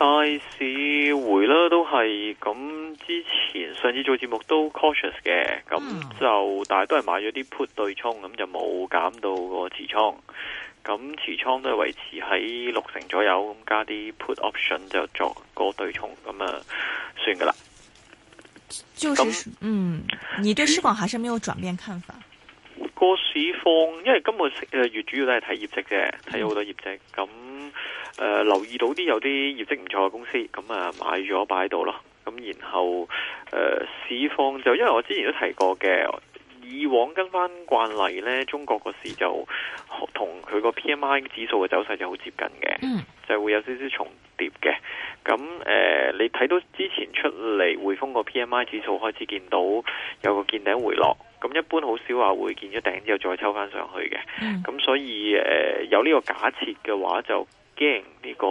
大市回啦，都係咁。之前上次做節目都 cautious 嘅，咁就、嗯、但係都係買咗啲 put 對沖，咁就冇減到個持倉，咁持倉都係維持喺六成左右，咁加啲 put option 就作個對沖，咁啊算噶啦。就是咁。嗯，你對市況還是沒有轉變看法？個市況，因為今個月主要都係睇業績啫，睇好多業績，咁誒、呃、留意到啲有啲業績唔錯嘅公司，咁啊買咗擺喺度咯。咁然後誒、呃、市況就，因為我之前都提過嘅，以往跟翻慣例呢，中國個市就同佢個 P M I 指數嘅走勢就好接近嘅，就會有少少重疊嘅。咁誒、呃、你睇到之前出嚟匯豐個 P M I 指數開始見到有個見頂回落。咁一般好少話會見咗頂之後再抽翻上去嘅，咁、嗯、所以有呢個假設嘅話，就驚呢個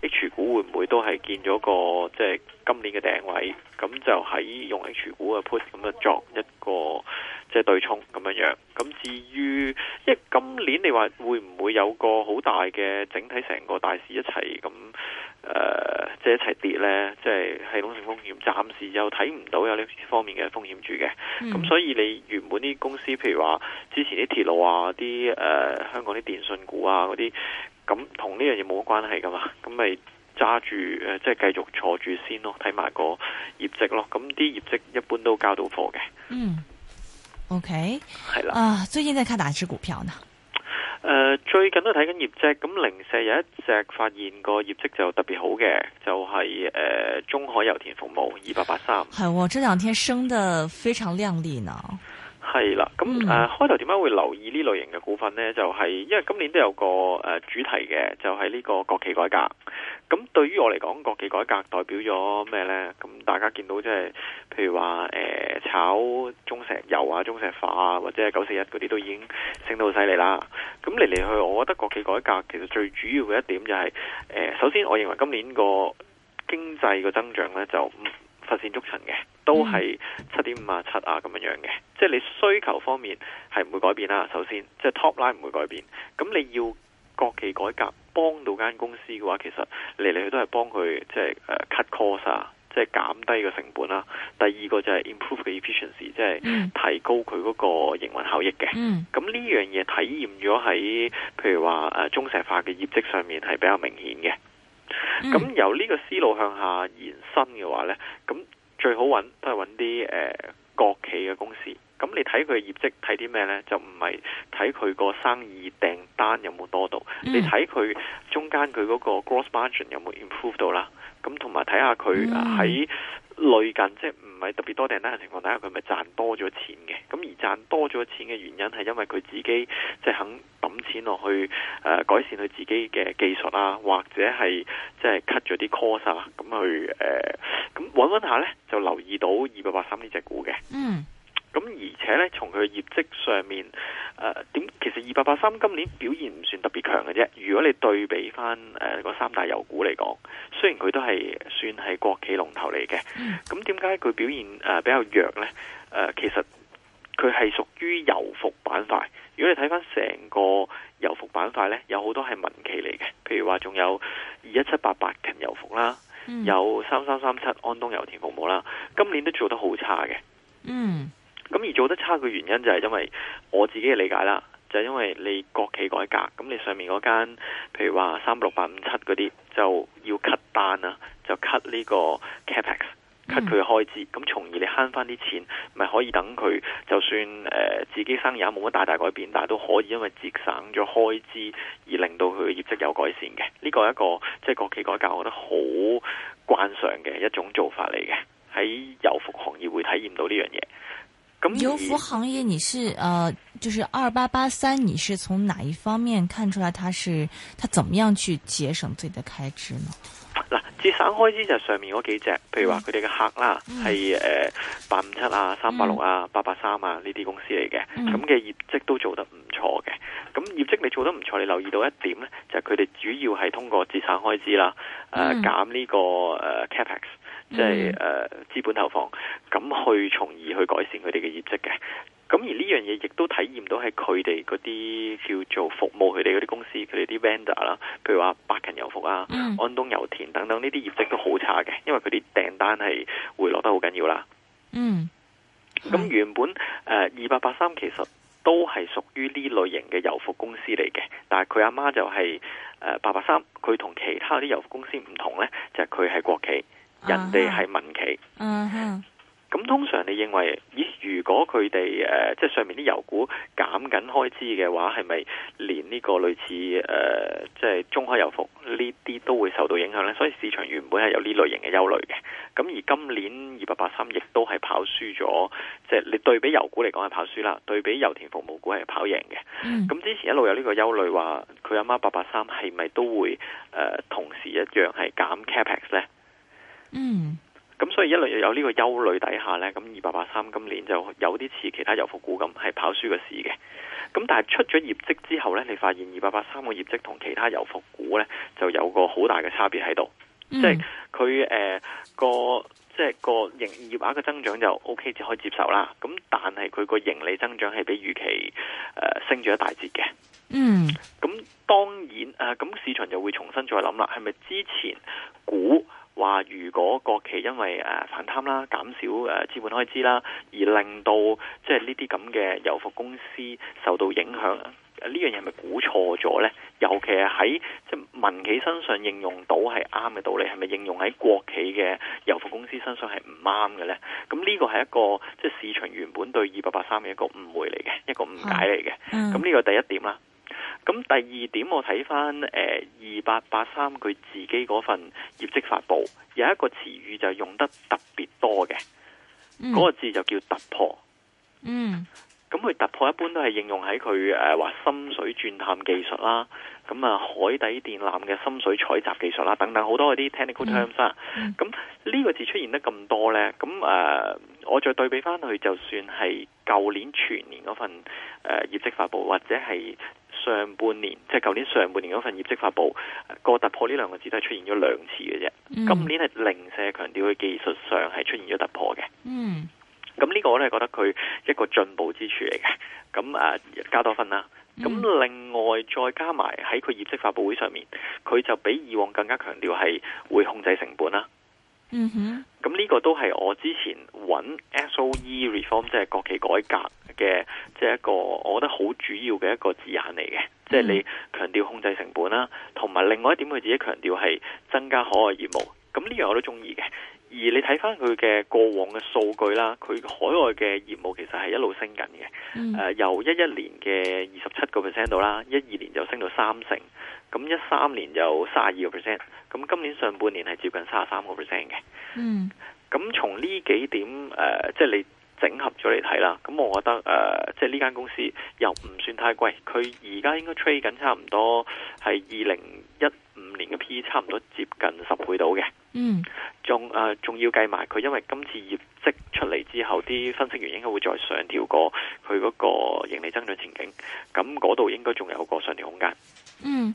H 股會唔會都係見咗個即係、就是、今年嘅頂位，咁就喺用 H 股嘅 put 咁樣作一個。即係對沖咁樣樣，咁至於，因為今年你話會唔會有個好大嘅整體成個大市一齊咁誒，即係、呃就是、一齊跌呢？即係系統性風險，暫時又睇唔到有呢方面嘅風險住嘅。咁、嗯、所以你原本啲公司，譬如話之前啲鐵路啊、啲誒、呃、香港啲電信股啊嗰啲，咁同呢樣嘢冇乜關係噶嘛？咁咪揸住誒，即係繼續坐住先咯，睇埋個業績咯。咁啲業績一般都交到貨嘅。嗯。OK，係啦，啊，最近在看哪支股票呢？誒、呃，最近都睇緊業績，咁零舍有一隻發現個業績就特別好嘅，就係、是、誒、呃、中海油田服務二八八三，係我這兩天升得非常靚麗呢。係啦，咁誒、啊，開頭點解會留意呢類型嘅股份呢？就係、是、因為今年都有個誒、呃、主題嘅，就係、是、呢個國企改革。咁對於我嚟講，國企改革代表咗咩呢？咁大家見到即、就、係、是，譬如話誒、呃、炒中石油啊、中石化啊，或者係九四一嗰啲都已經升到好犀利啦。咁嚟嚟去，我覺得國企改革其實最主要嘅一點就係、是，誒、呃，首先我認為今年個經濟嘅增長呢，就唔。直線捉塵嘅，都係七點五啊七啊咁樣樣嘅，即係你需求方面係唔會改變啦。首先，即係 top line 唔會改變。咁你要國企改革幫到間公司嘅話，其實嚟嚟去都係幫佢即係誒 cut cost 啊，即係減低個成本啦。第二個就係 improve 嘅 efficiency，即係提高佢嗰個營運效益嘅。咁呢樣嘢體驗咗喺，譬如話誒中石化嘅業績上面係比較明顯嘅。咁、嗯、由呢個思路向下延伸嘅話呢，咁最好揾都係揾啲誒國企嘅公司。咁你睇佢嘅業績睇啲咩呢？就唔係睇佢個生意訂單有冇多到，嗯、你睇佢中間佢嗰個 gross margin 有冇 improve 到啦。咁同埋睇下佢喺。累近即係唔係特別多訂單嘅情況底下，佢咪賺多咗錢嘅。咁而賺多咗錢嘅原因係因為佢自己即係肯抌錢落去誒、呃、改善佢自己嘅技術啊，或者係即係 cut 咗啲 course 啊，咁去誒咁揾揾下咧就留意到二百八三呢隻股嘅。嗯。咁而且咧，從佢嘅業績上面，呃、其實二八八三今年表現唔算特別強嘅啫。如果你對比翻誒個三大油股嚟講，雖然佢都係算係國企龍頭嚟嘅，咁點解佢表現、呃、比較弱呢？呃、其實佢係屬於油服板塊。如果你睇翻成個油服板塊呢，有好多係民企嚟嘅，譬如話仲有二一七八百勤油服啦，嗯、有三三三七安東油田服務啦，今年都做得好差嘅。嗯。咁而做得差嘅原因就係因為我自己嘅理解啦，就係，因為你國企改革，咁你上面嗰間，譬如話三六八五七嗰啲，就要 cut 單啦，就 cut 呢個 CapEx，cut、mm. 佢嘅開支，咁從而你慳翻啲錢，咪可以等佢就算誒自己生意冇乜大大改變，但係都可以因為節省咗開支而令到佢嘅業績有改善嘅。呢個係一個即係，就係，國企改革，我覺得好慣常嘅一種做法嚟嘅，喺油服行業會體驗到呢樣嘢。油服行業，你是誒、呃，就是二八八三，你是從哪一方面看出來，它是，它怎麼樣去節省自己的開支呢？嗱、嗯，節省開支就上面嗰幾隻，譬如話佢哋嘅客啦，係誒八五七啊、三八六啊、八八三啊呢啲公司嚟嘅，咁嘅、嗯嗯、業績都做得唔錯嘅。咁業績你做得唔錯，你留意到一點呢，就係佢哋主要係通過節省開支啦，誒減呢個誒 CapEx。呃 Cap Ex, 即係誒，資本投放咁去，從而去改善佢哋嘅業績嘅。咁而呢樣嘢亦都體驗到係佢哋嗰啲叫做服務佢哋嗰啲公司，佢哋啲 vendor 啦，譬如話百勤油服啊、嗯、安東油田等等呢啲業績都好差嘅，因為佢啲訂單係回落得好緊要啦。嗯，咁原本誒二八八三其實都係屬於呢類型嘅油服公司嚟嘅，但係佢阿媽就係誒八八三，佢同其他啲油服公司唔同咧，就係佢係國企。人哋係民企，嗯哼、uh，咁、huh. 通常你認為，咦？如果佢哋誒，即、呃、係、就是、上面啲油股減緊開支嘅話，係咪連呢個類似誒，即、呃、係、就是、中海油服呢啲都會受到影響呢？所以市場原本係有呢類型嘅憂慮嘅。咁而今年二八八三亦都係跑輸咗，即、就、係、是、你對比油股嚟講係跑輸啦，對比油田服務股係跑贏嘅。咁、uh huh. 之前一路有呢個憂慮話，佢阿媽八八三係咪都會誒、呃、同時一樣係減 CapEx 咧？嗯，咁所以一路有呢個憂慮底下呢，咁二八八三今年就有啲似其他油服股咁，係跑輸個市嘅。咁但係出咗業績之後呢，你發現二八八三個業績同其他油服股呢就有個好大嘅差別喺度，即係佢誒個即係個營業額嘅增長就 OK，可以接受啦。咁但係佢個盈利增長係比預期誒、呃、升咗一大截嘅。嗯，咁當然誒，咁、呃、市場就會重新再諗啦，係咪之前股？話如果國企因為誒反貪啦，減少誒資本開支啦，而令到即係呢啲咁嘅油服公司受到影響，呢樣嘢係咪估錯咗呢？尤其係喺即係民企身上應用到係啱嘅道理，係咪應用喺國企嘅油服公司身上係唔啱嘅呢？咁呢個係一個即係市場原本對二百八三嘅一個誤會嚟嘅，嗯、一個誤解嚟嘅。咁呢個第一點啦。咁第二點，我睇翻誒二八八三佢自己嗰份業績發布，有一個詞語就用得特別多嘅，嗰、嗯、個字就叫突破。嗯，咁佢突破一般都係應用喺佢誒話深水鑽探技術啦，咁啊海底電纜嘅深水採集技術啦、啊，等等好多嗰啲 technical terms 咁呢、嗯、個字出現得咁多咧，咁誒、啊，我再對比翻佢，就算係舊年全年嗰份誒、啊、業績發布或者係，上半年即係舊年上半年嗰份業績發布，個、啊、突破呢兩個字都係出現咗兩次嘅啫。嗯、今年係零舍強調佢技術上係出現咗突破嘅，嗯，咁呢個我都係覺得佢一個進步之處嚟嘅，咁啊加多分啦。咁、嗯、另外再加埋喺佢業績發布會上面，佢就比以往更加強調係會控制成本啦。嗯哼，咁呢個都係我之前揾 S O E Reform 即係國企改革。嘅，即係一個我覺得好主要嘅一個字眼嚟嘅，即係你強調控制成本啦，同埋另外一點佢自己強調係增加海外業務，咁呢樣我都中意嘅。而你睇翻佢嘅過往嘅數據啦，佢海外嘅業務其實係一路升緊嘅，誒、嗯呃，由一一年嘅二十七個 percent 度啦，一二年就升到三成，咁一三年就卅二個 percent，咁今年上半年係接近卅三個 percent 嘅。嗯，咁從呢幾點誒，即係你。整合咗嚟睇啦，咁我覺得誒、呃，即係呢間公司又唔算太貴，佢而家應該 trade 緊差唔多係二零一五年嘅 P，差唔多接近十倍到嘅。嗯，仲誒仲要計埋佢，因為今次業績出嚟之後，啲分析員應該會再上調過佢嗰個盈利增長前景。咁嗰度應該仲有個上調空間。嗯。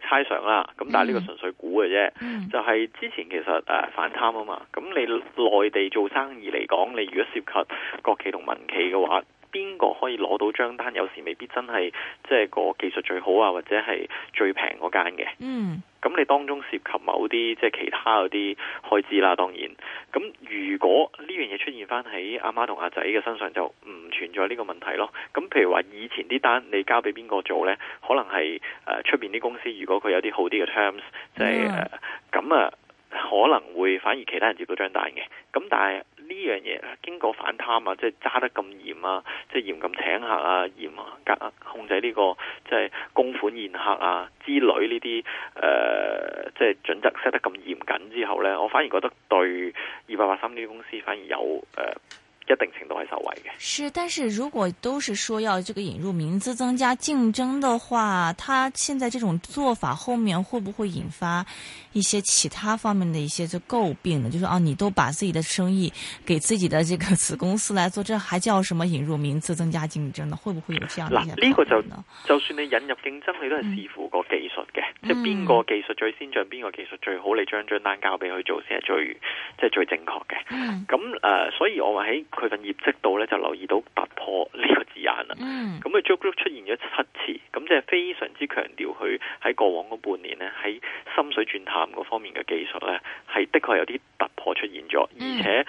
猜想啦，咁、嗯、但係呢個純粹估嘅啫，就係、是、之前其實誒、啊、反貪啊嘛，咁你內地做生意嚟講，你如果涉及國企同民企嘅話。邊個可以攞到張單？有時未必真係即係個技術最好啊，或者係最平嗰間嘅。嗯，咁你當中涉及某啲即係其他嗰啲開支啦，當然。咁如果呢樣嘢出現翻喺阿媽同阿仔嘅身上，就唔存在呢個問題咯。咁譬如話以前啲單你交俾邊個做呢？可能係誒出面啲公司，如果佢有啲好啲嘅 terms，即係咁啊，可能會反而其他人接到張單嘅。咁但係。呢樣嘢經過反貪啊，即係揸得咁嚴啊，即係嚴禁請客啊，嚴格控制呢個即係公款宴客啊之類呢啲誒，即係準則 set 得咁嚴謹之後呢，我反而覺得對二百八三呢啲公司反而有誒。呃一定程度係受惠嘅。是，但是如果都是說要這個引入民資增加競爭的話，他現在這種做法後面會不會引發一些其他方面的一些就詬病呢？就說，是，啊，你都把自己的生意給自己的這個子公司來做，這還叫什麼引入民資增加競爭呢？會不會有這樣嗱？呢個就就算你引入競爭，你都係視乎個技術嘅，嗯、即係邊個技術最先進，邊個技術最好，嗯、你將張單交俾佢做先係最即係、就是、最正確嘅。咁誒、嗯呃，所以我喺佢份業績度咧就留意到突破呢個字眼啦，咁佢足足出現咗七次，咁即係非常之強調佢喺過往嗰半年咧，喺深水鑽探嗰方面嘅技術咧，係的確有啲突破出現咗，而且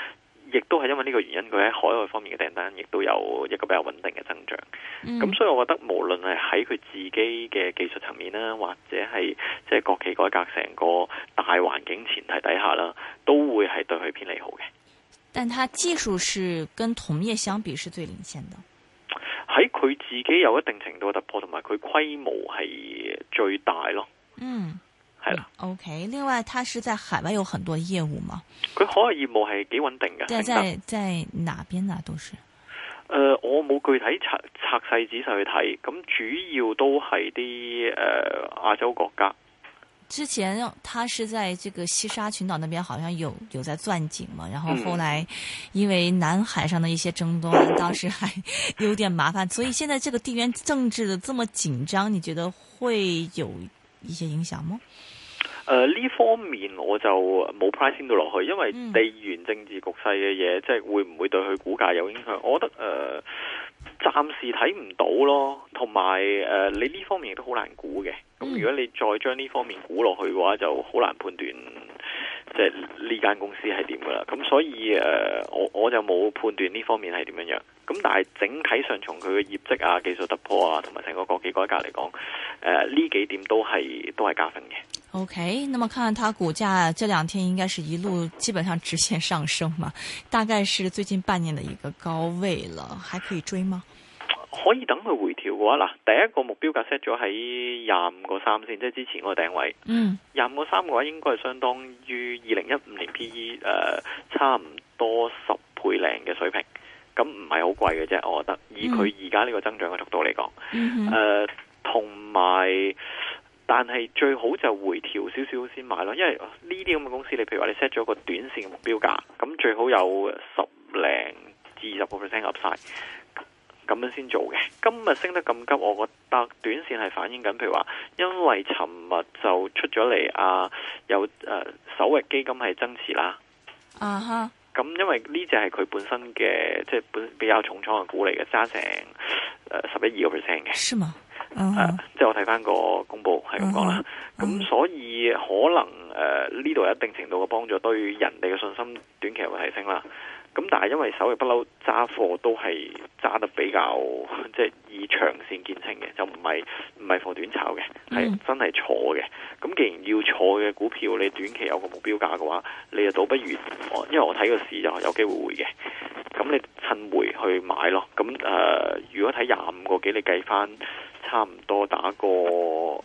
亦都係因為呢個原因，佢喺海外方面嘅訂單亦都有一個比較穩定嘅增長。咁、嗯、所以我覺得，無論係喺佢自己嘅技術層面啦，或者係即係國企改革成個大環境前提底下啦，都會係對佢偏利好嘅。但係，技術是跟同業相比是最領先的。喺佢自己有一定程度嘅突破，同埋佢規模係最大咯。嗯，係啦的。OK，另外，佢是在海外有很多業務嘛？佢海外業務係幾穩定嘅。即係在在哪邊啊？都是。誒、呃，我冇具體拆拆細仔細去睇，咁主要都係啲誒亞洲國家。之前他是在這個西沙群島那邊，好像有有在鑽井嘛，然后後來因為南海上的一些爭端，當時還有點麻煩，所以現在這個地緣政治的這麼緊張，你覺得會有一些影響嗎？呃，呢方面我就冇 pricing 到落去，因為地緣政治局勢嘅嘢，即係會唔會對佢股價有影響？我覺得誒。呃暫時睇唔到咯，同埋誒，你呢方面亦都好難估嘅。咁如果你再將呢方面估落去嘅話，就好難判斷即係呢間公司係點噶啦。咁所以誒、呃，我我就冇判斷呢方面係點樣樣。咁但係整體上，從佢嘅業績啊、技術突破啊，同埋成個國企改革嚟講，誒、呃、呢幾點都係都係加分嘅。O、okay, K，那麼看看它股價這兩天應該是一路基本上直線上升嘛，大概是最近半年的一個高位了，還可以追嗎？可以等佢回調嘅話，嗱，第一個目標價 set 咗喺廿五個三先，即係之前個定位。嗯，廿五個三嘅話，應該係相當於二零一五年 P E 誒、呃，差唔多十倍零嘅水平，咁唔係好貴嘅啫，我覺得。以佢而家呢個增長嘅速度嚟講，誒、嗯哼，同埋、呃。但係最好就回調少少先買咯，因為呢啲咁嘅公司，你譬如話你 set 咗個短線嘅目標價，咁最好有十零至二十個 percent up 晒，咁樣先做嘅。今日升得咁急，我覺得短線係反映緊，譬如話，因為尋日就出咗嚟啊，有誒首日基金係增持啦。啊咁、uh huh. 因為呢隻係佢本身嘅，即係本身比較重倉嘅股嚟嘅，揸成十一二個 percent 嘅。係嘛？誒，即係我睇翻個公布係咁講啦，咁所以可能誒呢度有一定程度嘅幫助，對於人哋嘅信心短期會會提升啦。咁但係因為手入不嬲揸貨都係揸得比較即係以長線見稱嘅，就唔係唔係貨短炒嘅，係、uh huh. 真係坐嘅。咁既然要坐嘅股票，你短期有個目標價嘅話，你就倒不如，因為我睇個市就係有機會回嘅，咁你趁回去買咯。咁誒，uh, 如果睇廿五個幾，你計翻。差唔多打個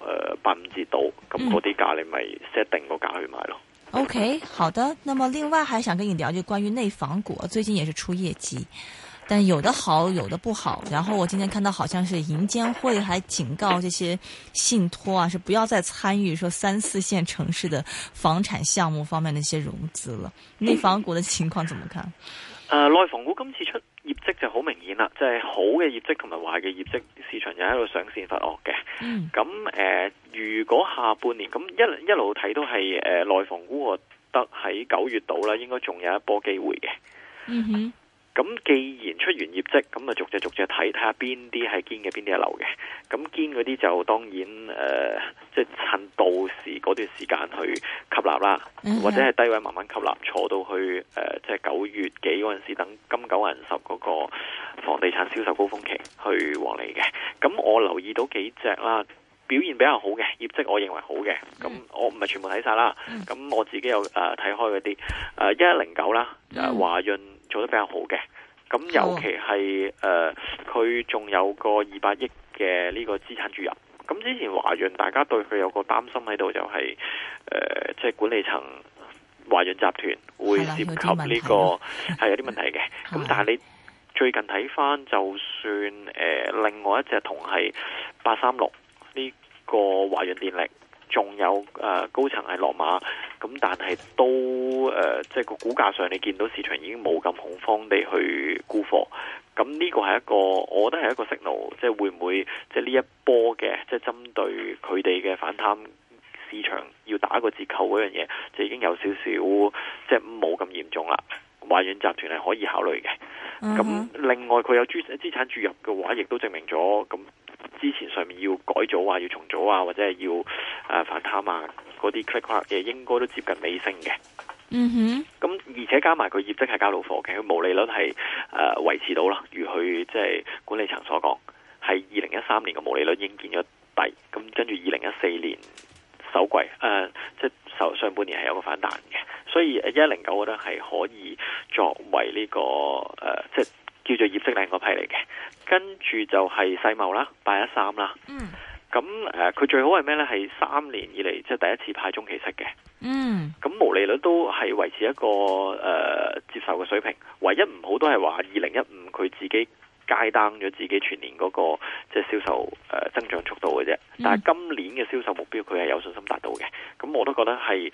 呃八五折到，咁嗰啲價你咪 set 定個價去買咯。嗯嗯、o、okay, K，好的。那麼另外還想跟你聊，就關於內房股，最近也是出業績，但有的好，有的不好。然後我今天看到好像是銀監會還警告這些信託啊，是不要再參與說三四線城市的房產項目方面那些融資了。嗯、內房股的情況怎麼看？呃內房股今次出。就明顯、就是、好明顯啦，即係好嘅業績同埋壞嘅業績，市場又喺度賞善罰惡嘅。咁誒、mm hmm. 呃，如果下半年咁一一路睇都係誒內房股得喺九月度啦，應該仲有一波機會嘅。嗯哼、mm。Hmm. 咁既然出完業績，咁啊逐隻逐隻睇睇，下邊啲係堅嘅，邊啲係流嘅。咁堅嗰啲就當然誒，即、呃、係、就是、趁到時嗰段時間去吸納啦，mm hmm. 或者係低位慢慢吸納，坐到去誒，即係九月幾嗰陣時，等金九銀十嗰個房地產銷售高峰期去獲利嘅。咁我留意到幾隻啦，表現比較好嘅業績，我認為好嘅。咁我唔係全部睇晒啦，咁、mm hmm. 我自己有睇、呃、開嗰啲誒一一零九、呃、啦，mm hmm. 華潤。做得比較好嘅，咁尤其係誒佢仲有個二百億嘅呢個資產注入。咁之前華潤大家對佢有個擔心喺度、就是呃，就係誒即係管理層華潤集團會涉及呢、這個係 有啲問題嘅。咁但係你最近睇翻，就算誒、呃、另外一隻同係八三六呢個華潤電力，仲有誒、呃、高層係落馬，咁但係都。誒，即係、呃就是、個股價上，你見到市場已經冇咁恐慌地去沽貨，咁呢個係一個，我覺得係一個 signal，即、就、係、是、會唔會即係呢一波嘅，即係針對佢哋嘅反貪市場要打一個折扣嗰樣嘢，就已經有少少即係冇咁嚴重啦。華潤集團係可以考慮嘅，咁另外佢有資產注入嘅話，亦都證明咗，咁之前上面要改組啊，要重組啊，或者係要誒反貪啊嗰啲 click crack 嘅，應該都接近尾聲嘅。嗯哼，咁、mm hmm. 而且加埋佢業績係交到貨嘅，佢毛利率係誒、呃、維持到啦，如佢即係管理層所講，係二零一三年嘅毛利率應見咗底，咁跟住二零一四年首季誒、呃、即係上上半年係有一個反彈嘅，所以一零九我覺得係可以作為呢、這個誒、呃、即係叫做業績靚嗰批嚟嘅，跟住就係世茂啦、八一三啦。嗯、mm。Hmm. 咁誒，佢、呃、最好係咩咧？係三年以嚟即係第一次派中期息嘅。嗯。咁毛利率都係維持一個誒、呃、接受嘅水平，唯一唔好都係話二零一五佢自己加單咗自己全年嗰、那個即係銷售、呃、增長速度嘅啫。但係今年嘅銷售目標佢係有信心達到嘅。咁我都覺得係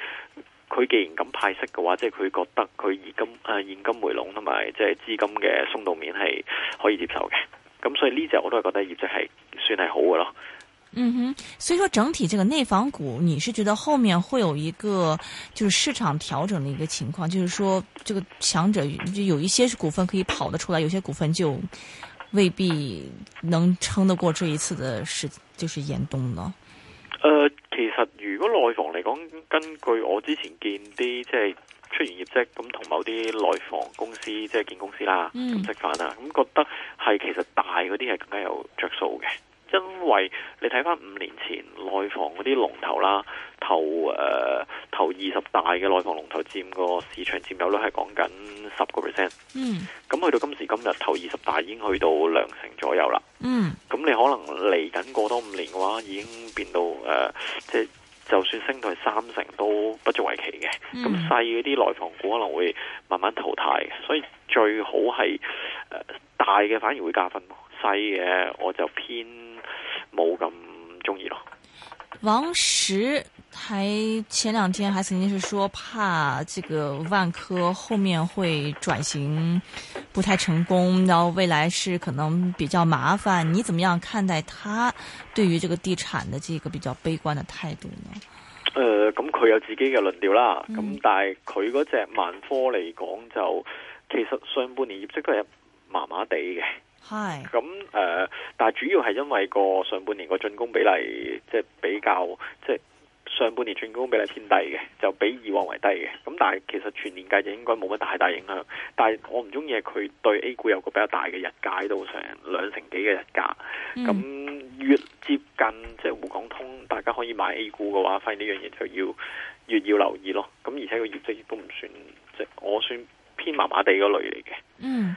佢既然咁派息嘅話，即係佢覺得佢現金誒、呃、現金回籠同埋即係資金嘅鬆動面係可以接受嘅。咁所以呢隻我都係覺得業績係算係好嘅咯。嗯哼，所以說整體這個內房股，你是覺得後面會有一個就是市場調整的一個情況，就是說這個強者就有一些是股份可以跑得出來，有些股份就未必能撐得過這一次的事就是嚴冬呢？呃，其實如果內房嚟講，根據我之前見啲即係出現業績咁同某啲內房公司即係建公司啦，咁食、嗯、飯啦、啊，咁覺得係其實大嗰啲係更加有着數嘅。因為你睇翻五年前內房嗰啲龍頭啦，頭誒頭二十大嘅內房龍頭佔個市場佔有率係講緊十個 percent，嗯，咁去到今時今日頭二十大已經去到兩成左右啦，嗯，咁你可能嚟緊過多五年嘅話，已經變到誒，即、呃、係就算升到係三成都不足為奇嘅，咁細嗰啲內房股可能會慢慢淘汰嘅，所以最好係誒、呃、大嘅反而會加分，細嘅我就偏。冇咁中意咯。王石還前兩天還曾經是說怕這個萬科後面會轉型不太成功，然後未來是可能比較麻煩。你怎麼樣看待他對於這個地產的這個比較悲觀的態度呢？誒、呃，咁佢有自己嘅論調啦。咁、嗯、但係佢嗰隻萬科嚟講就，就其實上半年業績都係麻麻地嘅。係咁誒，但係主要係因為個上半年個進攻比例，即係比較即係上半年進攻比例偏低嘅，就比以往為低嘅。咁但係其實全年計就應該冇乜大大影響。但係我唔中意佢對 A 股有個比較大嘅日價到成兩成幾嘅日價。咁、嗯、越接近即係滬港通，大家可以買 A 股嘅話，反而呢樣嘢就要越要留意咯。咁而且個業績亦都唔算即係我算偏麻麻地嗰類嚟嘅。嗯。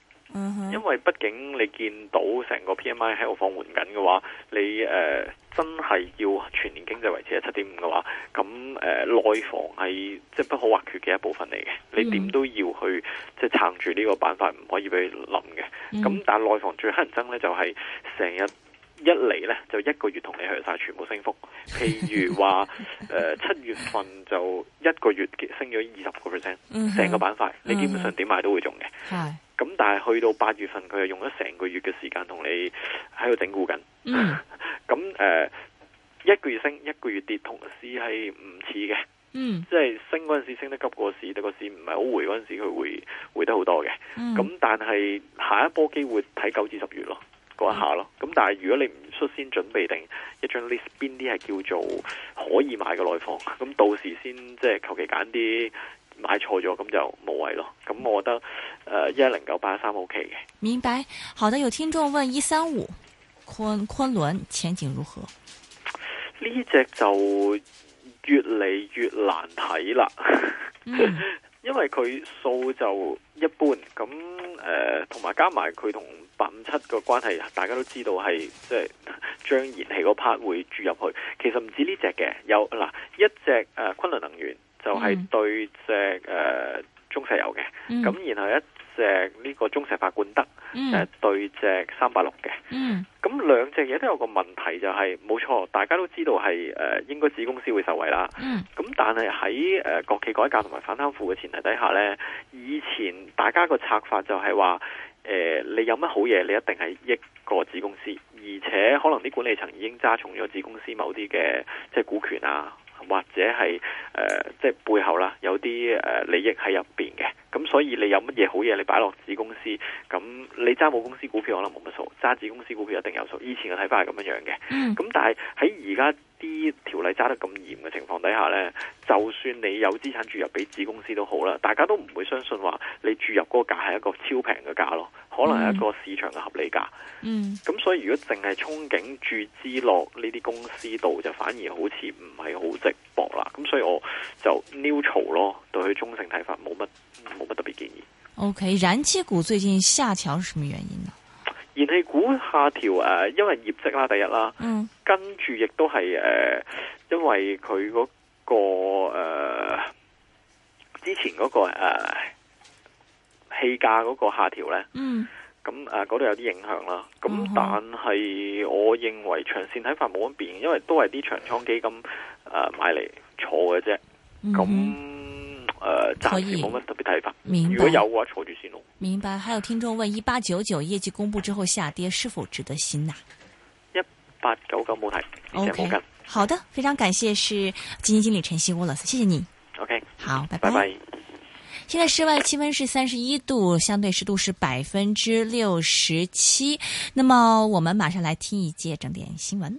因為畢竟你見到成個 P M I 喺度放緩緊嘅話，你誒、呃、真係要全年經濟維持喺七點五嘅話，咁誒內房係即係不可或缺嘅一部分嚟嘅，你點都要去即係撐住呢個板塊，唔可以俾佢冧嘅。咁、嗯、但係內房最黑人憎咧，就係、是、成日一嚟咧就一個月同你去晒全部升幅，譬如話誒、 呃、七月份就一個月升咗二十個 percent，成個板塊你基本上點買都會中嘅。咁、嗯、但係去到八月份，佢係用咗成個月嘅時間同你喺度整蠱緊。咁誒，一個月升，一個月跌，同市係唔似嘅。嗯，即係升嗰陣時升得急過市，但個市唔係好回嗰陣時，佢會回得好多嘅。咁但係下一波機會睇九至十月咯，嗰一下咯。咁、嗯、但係如果你唔率先準備定一張 list，邊啲係叫做可以買嘅內房，咁到時先即係求其揀啲。就是買錯咗，咁就冇謂咯，咁我覺得誒一零九八三 OK 嘅。明白，好的，有聽眾問一三五昆昆侖前景如何？呢隻就越嚟越難睇啦，嗯、 因為佢數就一般，咁誒同埋加埋佢同八五七個關係，大家都知道係即係將燃氣 part 會注入去。其實唔止呢隻嘅，有嗱一隻誒昆侖能源就係對、嗯。咁、嗯、然後一隻呢個中石化冠德，誒對、嗯啊、隻三百六嘅，嗯，咁兩隻嘢都有個問題就係、是、冇錯，大家都知道係誒、呃、應該子公司會受惠啦。嗯，咁但係喺誒國企改革同埋反貪腐嘅前提底下咧，以前大家個策法就係話，誒、呃、你有乜好嘢，你一定係益個子公司，而且可能啲管理層已經揸重咗子公司某啲嘅即係股權啊，或者係誒即係背後啦有啲誒、呃、利益喺入邊。咁所以你有乜嘢好嘢，你擺落子公司，咁你揸母公司股票可能冇乜數，揸子公司股票一定有數。以前嘅睇法係咁樣樣嘅，咁但係喺而家，啲條例揸得咁嚴嘅情況底下呢，就算你有資產注入俾子公司都好啦，大家都唔會相信話你注入嗰個價係一個超平嘅價咯，可能係一個市場嘅合理價。嗯，咁所以如果淨係憧憬注資落呢啲公司度，就反而好似唔係好值博啦。咁所以我就 neutral 咯，對佢中性睇法，冇乜冇乜特別建議。OK，燃氣股最近下調係什麼原因呢？燃氣股下調，誒、啊，因為業績啦，第一啦，嗯、跟住亦都係誒，因為佢嗰、那個誒、呃、之前嗰、那個誒氣價嗰個下調咧，咁誒嗰度有啲影響啦。咁、嗯、哼但係我認為長線睇法冇咁變，因為都係啲長倉基金誒、呃、買嚟坐嘅啫。咁、嗯哼呃，所以冇乜特別睇法。明白。啊、明白。還有聽眾問：一八九九業績公布之後下跌是否值得吸納啊？一八九九冇睇，冇跟 Okay,。好的，非常感謝，是基金經理陳昕 Wallace 老師，謝謝你。OK，好，拜拜。拜拜。現在室外氣溫是三十一度，相對濕度是百分之六十七。那麼，我們馬上來聽一節整點新聞。